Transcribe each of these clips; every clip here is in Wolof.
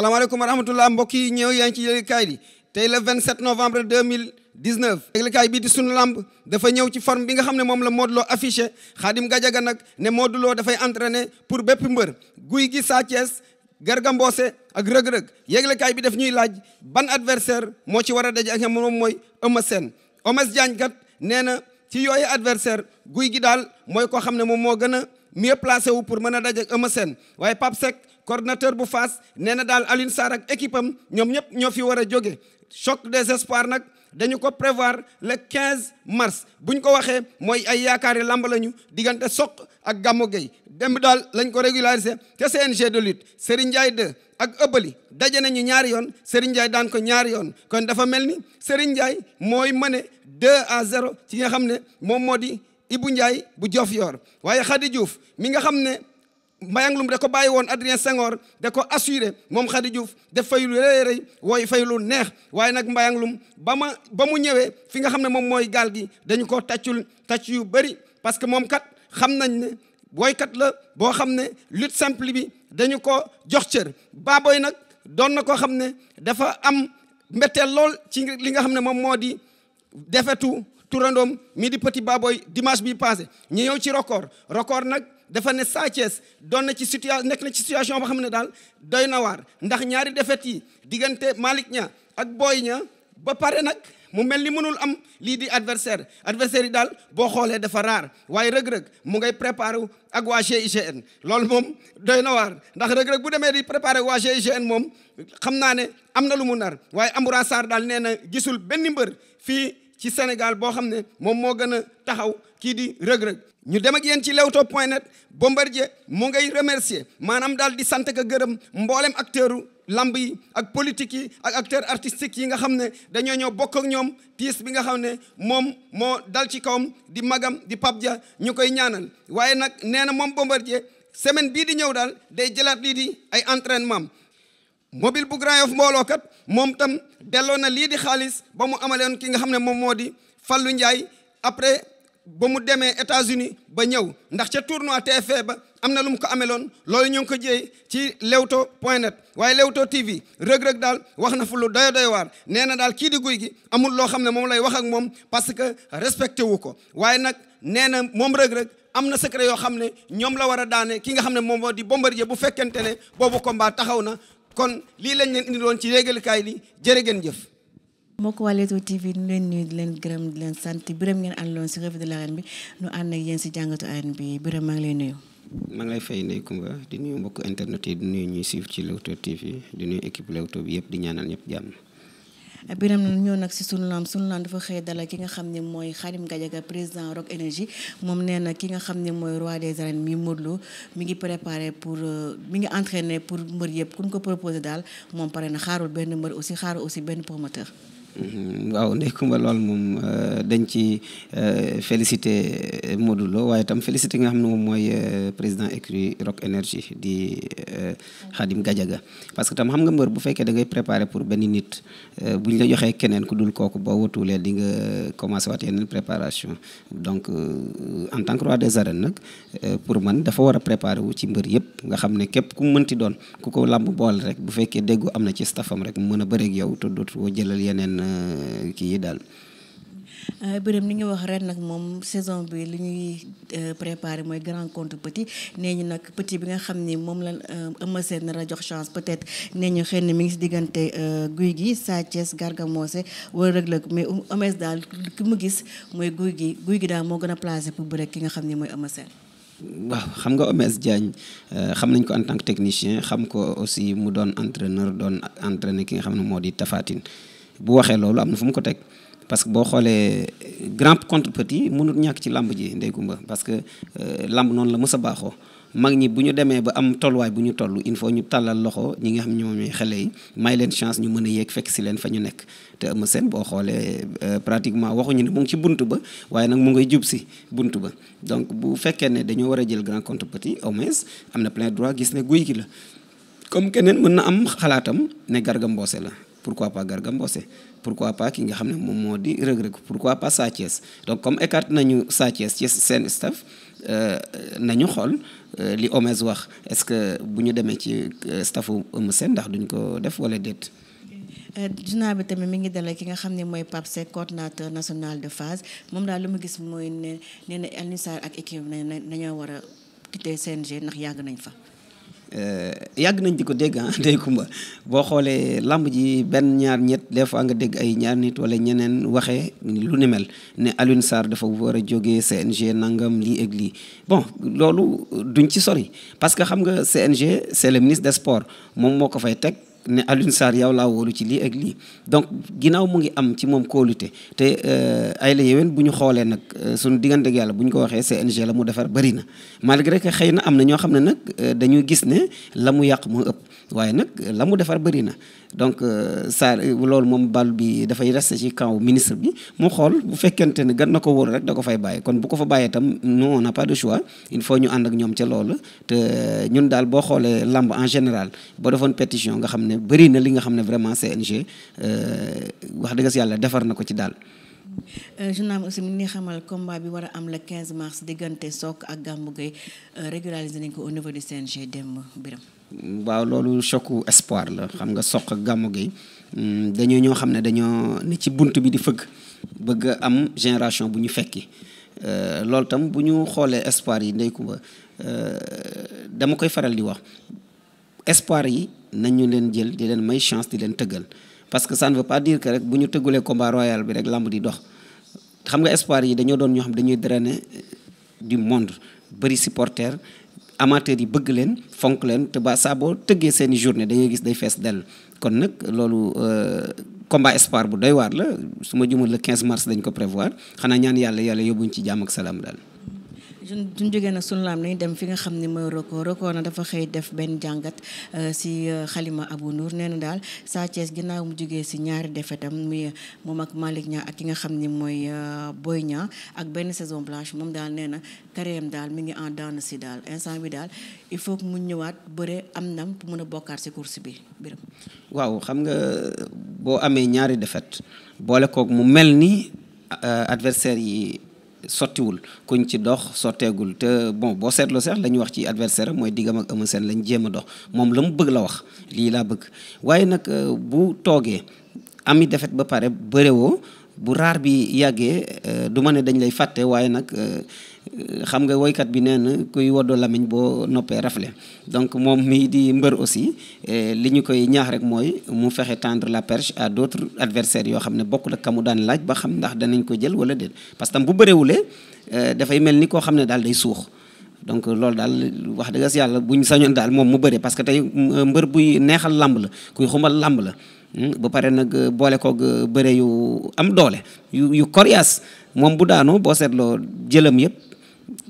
salaamaaleykum wa rahmatullah mbokk yi ñëw yaa ngi ci yëglekaay bi tey le 27 novembre 2019 yëglekaay bii di sunu lamb dafa ñëw ci forme bi nga xam ne moom la Modou Lo affiché Khadim Gadiaga nag ne Modou Lo dafay entraîner pour bépp mbër guy gi Sa Thiès Garga Mbossé ak rëg-rëg yëglekaay bi daf ñuy laaj ban adversaire moo ci war a daje ak moom mooy Eumeu seen Omas Diagne kat nee na ci yooyu adversaire guy gi daal mooy koo xam ne moom moo gën a mieux placé wu pour mën a daje ak Eumeu Sène waaye Pape Seck coordinateur bu Fass nee na daal Alioune Sarr ak équipe ñoom ñëpp ñoo fi war a jóge choc des espoirs nag dañu ko prévoir le 15 mars bu ñu ko waxee mooy ay yaakaari làmb lañu diggante soq ak Gammo Gueye dem daal lañ ko régulariser te CNG de lutte Serigne Ndiaye 2 ak ëbbali daje nañu ñaari yoon Serigne Ndiaye daan ko ñaari yoon kon dafa mel ni Serigne Ndiaye mooy mëne 2 à 0 ci nga xam ne moom moo di Ibou Ndiaye bu Diofior waaye Khady Diouf mi nga xam ne Mbayang Loum da ko bàyyi woon Adrien Senghor da ko assuré moom Khady Diouf def fay lu rëy rëy wooy lu neex waaye nag Mbayang Loum ba ma ba mu ñëwee fi nga xam ne moom mooy gaal gi dañu ko tàccul tàcc yu bëri parce que moom kat xam nañ ne boykat la boo xam ne lutte simple bi dañu ko jox cër baaboy nag doon na koo xam ne dafa am mbetteel lool ci li nga xam ne moom moo di defetu turandoom mi di petit baboy dimanche bi passé ñi ñëw ci record record nag dafa ne Sa doon na ci situation nekk na ci situation boo xam ne daal doy na waar ndax ñaari defet yi diggante Malick Niang ak Boy ña ba pare nag mu mel ni mënul am lii di adversaire adversaire yi daal boo xoolee dafa raar waaye rëg-rëg mu ngay préparé wu ak waa GIGN loolu moom doy na waar ndax rëg-rëg bu demee di préparé waa GIGN moom xam naa ne am na lu mu nar waaye Amoura Sarr daal nee na gisul benn mbër ci Sénégal boo xam ne moom moo gën a taxaw kii di rëg-rëg ñu dem ak yéen ci leewtoo point net Bombardier mu ngay remercier maanaam daal di sant ka gërëm mboolem acteuru lamb ak politique yi ak acteur artistique yi nga xam ne dañoo ñoo bokk ak ñoom tiis bi nga xam ne moom moo dal ci kawam di magam di Pape Dia ñu koy ñaanal waaye nag nee na moom Bombardier semaine bii di ñëw daal day jëlaat lii di ay entrainement mobile bu Grand Yoff mbooloo kat moom tam delloo na lii di xaalis ba mu amaloon kii nga xam ne moom moo di Fallou Ndiaye après ba mu demee États-Unis ba ñëw ndax ca tournoi TFF ba am na lu mu ko ameloon loolu ñu ngi ko jiyee ci Leewtoo point net waaye lewto TV rëg-rëg daal wax na fu lu doy doy waar nee na daal kii di guy gi amul loo xam ne moom lay wax ak moom parce que respecté wu ko waaye nag nee na moom rëg-rëg am na secret yoo xam ne ñoom la war a daane ki nga xam ne moom moo di Bombardier bu fekkente ne boobu combat taxaw na kon lii lañ leen indi loon ci yéegalikaay li jërë ngeen jëf mbokk waa Leewtoo TV ñu leen nuyu leen gërëm leen sant Birame ngeen àndaloon si revue de l'arène bi nu ànd ak yéen si jàngatu arène bi Birame maa ngi lay nuyu maa ngi lay fay Ndeye Comba di nuyu mbokk internet yi di nuy ñuy suivre ci Leewtoo TV di nuyu équipe Leewtoo bi yëpp di ñaanal ñëpp jàmm biram ñoo nag si sunu laam sunu laam dafa xëy dalal ki nga xam ne mooy Khadim Gadiaga président Rock Énergie moom nee na ki nga xam ne mooy roi des arènes mi Modou Lo mi ngi préparé pour euh, mi ngi entraîné pour mbër yëpp ku ñu ko proposé daal moom pare na xaarul benn mbër aussi xaarul aussi benn promoteur Mm-hmm. waaw Ndeye Comba lool moom euh, dañ ci euh, félicité euh, Modou Lo waaye tam félicité nga xam ne moom mooy président écurie Rock Énergie di Khadim Gadiaga parce que tam xam nga mbër bu fekkee da ngay préparé pour benn nit bu ñu la joxee keneen ku dul kooku boo watuulee di nga commencé waat yeneen préparation donc en tant que roi des arènes nag pour man dafa war a préparé wu ci mbër yëpp nga xam ne képp ku mënti doon ku ko làmb bool rek bu fekkee déggu am na ci staffam rek mën a bëreeg yow kii yi daal. Euh, Birame ni nga wax ren nag moom saison bi li ñuy euh, préparé mooy grand contre petit nee ñu nag petit bi nga xam ni moom la euh, Eumeu Sène nar a jox chance peut-être nee ñu xëy na mi ngi si diggante guy gi Sa Thiès Garga Mbossé wala Reug Reug mais Eumeu daal ki mu gis mooy guy gi guy gi daal moo gën a placé pour bëre ki nga xam ni mooy Eumeu waaw xam nga Eumeu Diagne xam nañ ko en tant que technicien xam ko aussi mu doon entraîneur doon entraîneur ki nga xam ne moo di Tapha bu waxee loolu am na fu mu ko teg parce que boo xoolee euh, grand contre petit mënut ñàkk ci làmb ji ndey Kumba parce que euh, làmb noonu la mës a baaxoo mag ñi bu ñu demee ba am tolluwaay bu ñu toll il faut ñu tàllal loxo ñi nga xam ñoom ñooy xale may leen chance ñu mën a yéeg fekk si leen fa ñu nekk te Eumeu Sène boo xoolee euh, pratiquement waxuñu ne mu ngi ci bunt ba waaye nag mu ngay jub si bunt ba donc bu fekkee ne dañoo war a jël grand contre petit au moins am na plein droit gis ne guy gi la comme keneen mën na am xalaatam ne Garga Mbossé la pourquoi pas Garga Mbossé pourquoi pas ki nga xam ne moom moo di rëg-rëg pourquoi pas Sa donc comme écarte nañu Sa ci seen staff euh, nañu xool euh, li Omez wax est-ce que bu ñu demee ci euh, staffu Eumeu seen ndax duñ ko def wala déet. dinaa bi tamit mi ngi dalal ki nga xam ne mooy Pape Seck coordinateur national de phase moom daal lu mu gis mooy ne nee na Alioune Sarr ak équipe nañoo war a quitter CNG ndax yàgg nañ fa. Euh, yàgg nañ di ko dégg ah day kumba boo xoolee lamb ji benn ñaar ñett des fois nga dégg ay ñaar nit wala ñeneen waxee lu ni mel ne Alioune Sarr dafa war a jógee CNG nangam lii ak lii bon loolu duñ ci sori parce que xam nga CNG c'est le ministre de sports moom moo ko fay teg. ne Alioune Sarr yow laa woolu ci lii ak lii donc ginnaaw mu ngi am ci moom kóolute te euh, ay la bu ñu xoolee nag euh, suñu diggante ak yàlla bu ñu ko waxee CNG la mu defar bëri na malgré que xëy na am na ñoo xam ne nag euh, dañu gis ne la mu yàq moo ëpp waaye nag la mu defar bëri na donc saa euh, loolu moom bal bi dafay rester ci kaw ministre bi mu xool bu fekkente ne gan na ko wóor rek da ko fay bàyyi kon bu ko fa bàyyee tam non on n'a pas de choix il faut ñu ànd ak ñoom ca loolu te ñun daal boo xoolee lamb en général boo defoon pétition nga xam ne bëri na li nga xam ne vraiment CNG euh, wax dëgg si yàlla defar na ko ci daal. Euh, journal aussi mi ngi xamal combat bi war a am le 15 mars diggante Sokh ak Gamou Gueye régulariser nañ ko au niveau du CNG démb biram waaw loolu chocu espoir la xam nga soq gàmmu gi mm, dañoo ñoo xam ne dañoo ne ci bunt bi di fëgg bëgg am génération bu ñu fekki euh, loolu tam bu ñu xoolee espoir yi ndey Kumba euh, dama koy faral di wax espoir yi nañu leen jël di leen may chance di leen tëggal parce que ça ne veut pas dire que rek bu ñu tëggulee combat royal bi rek lamb di dox xam nga espoir yi dañoo doon ñoo xam dañuy drainer du monde bëri supporter amateurs yi bëgg leen fonk leen te ba saa boo tëggee seen i journée da gis day fees dell kon nag loolu euh, combat espoir bu doy waar la su ma jumul le 15 mars dañ ko prévoir xanaa ñaan yàlla yàlla yóbbuñ ci jàmm ak salaam daal. suñ jógee nag sunu laam nañ dem fi nga xam ne mooy record record na dafa xëy def benn jàngat euh, si euh, xalima Abou Nour nee na daal Sa Thiès ginnaaw mu jógee si ñaari defetam muy euh, moom ak Malick Niang ak ki nga xam ne mooy Boy Niang ak benn saison blanche moom daal nee na carrière daal mi ngi en daan si daal instant bi daal il faut que mu ñëwaat bëre am ndam pour mën a bokkaat si course bi biram waaw xam nga boo amee ñaari defet boole koog mu mel ni adversaire yi sottiwul kuñ ci dox sotteegul te bon boo seetloo sax la ñuy wax ci adversaire mooy diggam ak Eumeu Sène lañ jéem a dox moom la mu bëgg la wax lii laa bëgg waaye nag euh, bu toogee ami defet ba pare bërewoo bu raar bi yàggee euh, du ma ne dañ lay fàtte waaye nag euh, euh, xam nga woykat bi nee na kuy woddoo lamiñ boo noppee rafle donc moom mii di mbër aussi li ñu koy ñaax rek mooy mu fexe tendre la perche à d'autres adversaires yoo xam ne bokk la kamu daan laaj ba xam ndax danañ ko jël wala déet parce que tam bu bëreewulee dafay mel ni koo xam ne daal day suux donc loolu daal wax dëgg yàlla buñ sañoon daal moom mu bëre parce que tey mbër buy neexal làmb la kuy xumbal làmb la Hmm? ba pare nag euh, boole koog euh, bëre yu am doole yu yu moom bu daanoo boo seetloo jëlam yëpp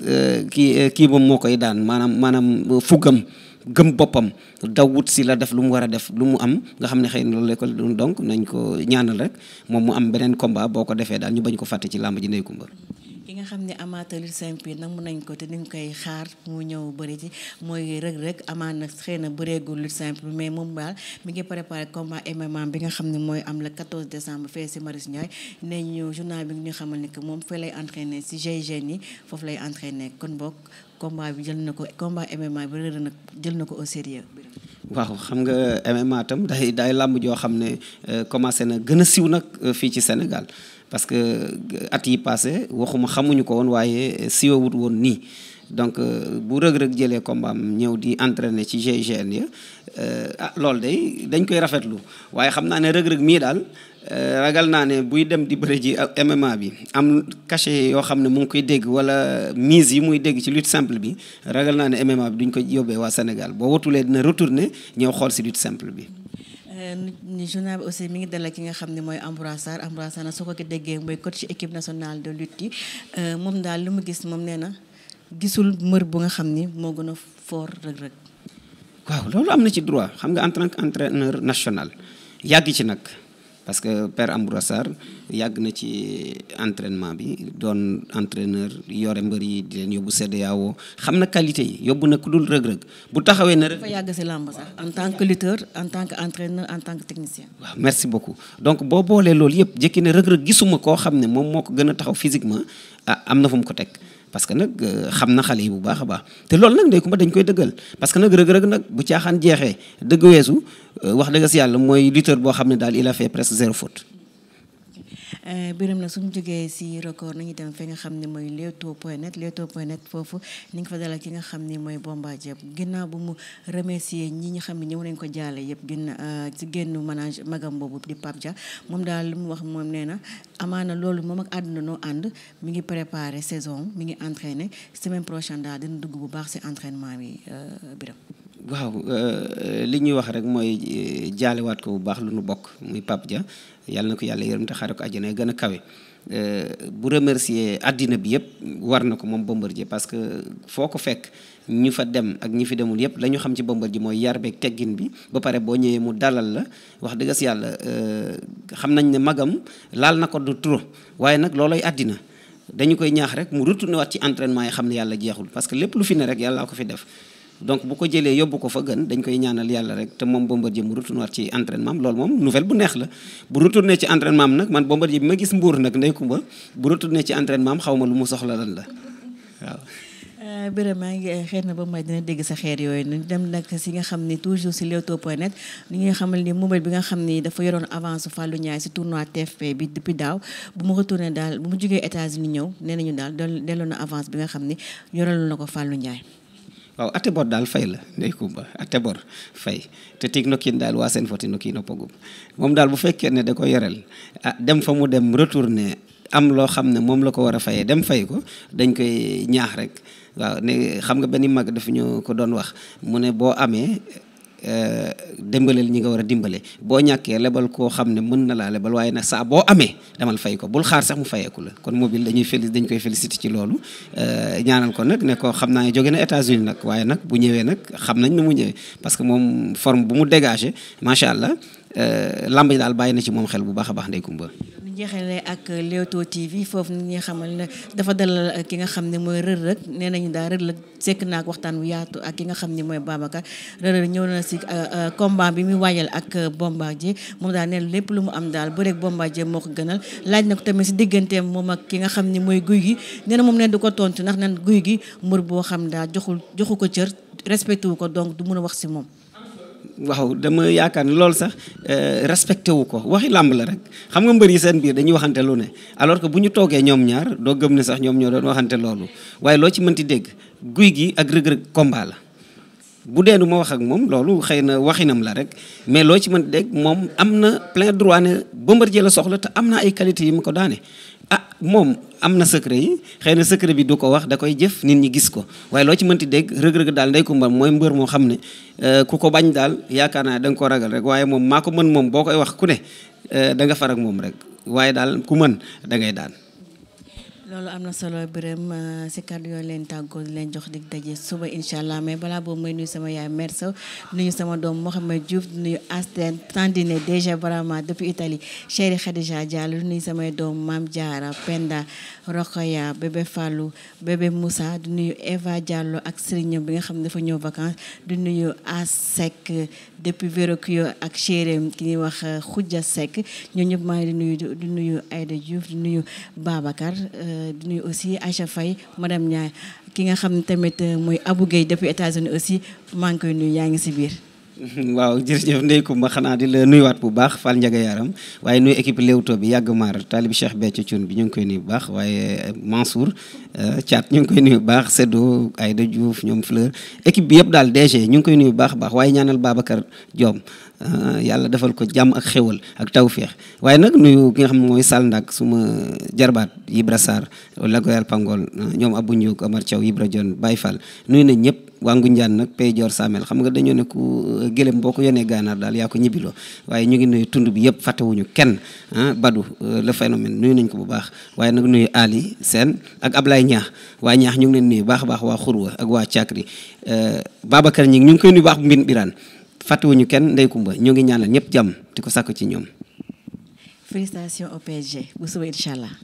euh, kii kii moom moo koy daan maanaam maanaam fuggam gëm boppam daw wut si la def lu mu war a def lu mu am nga xam ne xëy na loolu la donc nañ ko ñaanal rek moom mu am beneen combat boo ko defee daal ñu bañ ko fàtte ci làmb ji ndey kumba bi nga xam ne amateur simple nag mun nañ ko te niñ koy xaar mu ñëw bëri ci mooy Reug Reug amaana xëy na bëreegul lutte simple mais moom daal mi ngi préparé combat MMA bi nga xam ne mooy am le 14 décembre fee si Maris Ndiaye ne ñu journal bi nga xamal ni que moom fee lay entraîné si GIGN yi foofu lay entraîné kon bokk combat bi jël na ko combat MMA bi Reug Reug nag jël na ko au sérieux waaw xam nga MMA tam day day làmb joo xam ne euh, commencé na gën a siw nag euh, fii ci Sénégal parce que euh, at yi passé waxuma xamuñu ko woon waaye siwewut woon nii donc euh, bu rëg-rëg jëlee combat ñëw di entraîner ci GIGN ya euh, ah loolu day dañ koy rafetlu waaye xam naa ne rëg-rëg mii daal ragal naa ne buy dem di bëre ji MMA bi am cachet yoo xam ne mu ngi koy dégg wala mise yi muy dégg ci lutte simple bi ragal naa ne MMA bi duñ ko yóbbee waa Sénégal boo watulee dina retourner ñëw xool si lutte simple bi ni journal bi aussi mi ngi dalal ki nga xam ne mooy Ambroise Sarr Ambroise Sarr na soo ko ko déggee mooy coach ci équipe nationale de lutte yi euh, moom daal lu mu gis moom nee na gisul mbër bu nga xam ni moo gën a foor rëg-rëg. waaw loolu am na ci droit xam nga entranque tant que national yàgg ci nag. parce que per Ambroise Sarr yàgg na ci entrainement bi doon entraîneur yore mbër yi di leen yóbbu CEDEAO xam na qualité yi yóbbu na ku dul rëg-rëg bu taxawee na dafa yàgg si làmb sax en tant que lutteur en tant que entraîneur en tant que technicien waaw merci beaucoup donc boo boolee loolu yëpp jëkki ne rëg-rëg gisuma koo xam ne moom moo ko gën a taxaw physiquement ah am na fu mu ko teg parce que nag euh, xam na xale yi bu baax a baax te loolu nag ndey dañ koy dëggal parce que nag rëg-rëg nag bu caaxaan jeexee dëgg weesu euh, wax dëgg si yàlla mooy lutteur boo xam ne daal il a fait presque zéro faute Eh, biram na suñu jógee si record nañu dem fi nga xam ne mooy Leewtoo point net Leewtoo point net foofu ni nga fa dalal ki nga xam ni mooy Bombardier ginnaaw bu mu remercier ñi nga xam ne ñëw nañ ko jaale yëpp gën eh, ci génn manage magam mboobu di Pape Dia moom daal li mu wax moom nee na amaana loolu moom ak àdduna noo ànd mi ngi préparé saison mi ngi entraîné semaine prochaine daal dina dugg bu baax si entraînement bi eh, biram waaw euh, euh, li ñuy wax rek mooy euh, jaalewaat ko bu baax lu nu bokk muy Pape ja yàlla na ko yàlla yërëm te xaare ko àjjana gën a kawe bu remercier àddina bi yëpp war na ko moom Bombardier parce que foo ko fekk ñu fa dem ak ñi fi demul yëpp la ñu xam ci Bombardier mooy yar beeg teggin bi ba pare boo ñëwee mu dalal la wax dëgg si yàlla xam nañ ne magam laal na ko du trop waaye nag looloy àddina dañu koy ñaax rek mu retourné waat ci entraînement yi xam ne yàlla jeexul lu fi ne rek yàlla ko fi def donc bu ko jëlee yóbbu ko fa gën dañ koy ñaanal yàlla rek te moom Bombardier mu retourné waat ci entraînement am loolu moom nouvelle bu neex la bu retourné ci entraînement am nag man Bombardier bi ma gis mbuur nag ndey kumba bu retourné ci entraînement am xaw ma lu mu soxla lan la waaaw euh, Birame maa ngi euh, xeer na ba may dina dégg sa xeer yooyu ñu dem nag si nga xam ni toujours si Leewtoo point net li nga xamal ni mobile bi nga xam ni dafa yoroon avance Fallou Ndiaye si tournoi TFP bi depuis daaw bu mu retourné daal bu mu jógee États-Unis ñëw nee nañu daal delloo na avance bi nga xam ni yoraloon na ko Fallou Ndiaye waaw atte bor daal fay la ndey kumba atte bor fay te tig nokkin daal waa seen foti nokkiin a pogub moom daal bu fekkee ne da ko yoreel ah dem fa mu dem ne am loo xam ne moom la ko war a fayee dem fay ko dañ koy ñaax rek waaw ne xam nga ba ni mag dafa ñu ko doon wax mu ne boo amee Eh, dimbaleel ñi nga war a dimbale boo ñàkkee lebal koo xam ne mën na laa lebal waaye nag saa boo amee demal fay ko bul xaar sax mu fayeeku la kon mobile dañuy félic dañ koy félicité ci loolu eh, ñaanal ko nag ne ko xam naa ne jóge na États-Unis nag waaye nag bu ñëwee nag xam nañ nu mu ñëwee parce que moom forme bu mu dégagé macha allah eh, lamb ji daal bàyyi na ci moom xel bu baax a baax ndey Kumba ñu jeexalee ak Leewtoo TV foofu ñu ngi xamal ne dafa dalal ki nga xam ne mooy Reug Reug nee nañu daal Reug Reug sekk naa ak waxtaan wu yaatu ak ki nga xam ni mooy baabaka Reug ñëw na si euh, euh, combat bi muy waajal ak Bombardier moom daal neen lépp lu mu am daal bu rek Bombardier moo ko gënal laaj na ko tamit si digganteem moom ak ki nga xam ni mooy guy gi nee na moom ne du ko tontu ndax nan guy gi mbër boo xam daal joxul joxu ko cër respecté wu ko donc du mun a wax si moom waaw dama yaakaar ne loolu sax euh, respecté wu ko waxi làmb la rek xam nga mbër yi seen biir dañuy waxante lu ne alors que bu ñu toogee ñoom ñaar doo gëm ne sax ñoom ñoo doon waxante loolu waaye loo ci mënti dégg guy gi ak rëg-rëg combat bu dee du ma wax ak moom loolu xëy na waxinam la rek mais loo ci mënti dégg moom am na plein droit ne Bombardier la soxla te am na ay qualité yi mu ko daane ah moom am na secret yi xëy na secret bi du ko wax da koy jëf nit ñi gis ko waaye loo ci mënti dégg rëg-rëg daal ndey ko mbër mooy mbër moo xam ne euh, ku ko bañ daal yaakaar naa da nga ko ragal rek waaye moom maa ko mën moom boo koy wax ku ne euh, da nga far ak moom rek waaye daal ku mën da ngay daan loolu am na solo Birame euh, si kàddu yoon leen tàggoo leen jox dig daje suba incha allah mais balaa boobu may nuyu sama yaay mère Sow nuyu sama doom Mouhamed Diouf nuyu Astel Tandine déjà vraiment depuis Italie chéri Khadija Diallo samay doom Mame Diara Penda Rokhaya bébé Fallou bébé du nuyu Eva Diallo ak sëriñam bi nga xam ne dafa ñëw vacances du nuyu Asek depuis Verokio ak chérim ki ñuy wax euh, Khoudia Seck ñoo ñëpp maa ngi di nuyu du nuyu Aïda Diouf du nuyu Babacar. Euh, Euh, di nuyu aussi Aïcha Faye madame Ndiaye ki nga xam ne tamit euh, mooy abu Gueye depuis États-Unis aussi maa ngi koy nuyu yaa ngi si biir. waaw jërëjëf Ndeye Coumba xanaa di la nuy waat bu baax Fall Ndiaga Yaram waaye nuy équipe Leewtoo bi yàgg maar Talib Cheikh Béthio Thioune bi ñu ngi koy nuyu bu baax waaye euh, Mansour Thiat ñu ngi koy nuyu bu baax Sedo Aïda Diouf ñoom Fleur équipe bi yëpp daal DG ñu ngi koy nuyu bu baax baax waaye ñaanal Babacar Diom Euh, yàlla defal ko jàmm ak xéwal ak tawféex waaye nag nuyu nga xam ne mooy Sall Ndak suma jarbaat Ibra Sarr la ko yàlla pangool ah, ñoom Abou Ndiouk Amar Thiaw Ibra Dione Baye Fall nuyu nañ ñëpp waa Ngunjaan nag pay Dior xam nga dañoo ne ku euh, gëlëm boo ko yónnee daal yaa ko waaye ñu ngi nuyu tund bi yëpp fàttewuñu kenn ah Badou euh, le phénomène nuyu nañ ko bu baax waaye nag nuyu Ali Sène ak Ablaye Ñaax waa Ñaax ñu ngi leen nuyu baax a baax waa Xurwa ak waa Cakri Babacar ñi ñu ngi koy nuyu baax mbin biraan fàttewuñu kenn ndey kumba ñoo ngi ñaanal ñëpp jàmm di ko sàkk ci ñoom. félicitations au bu suba incha allah.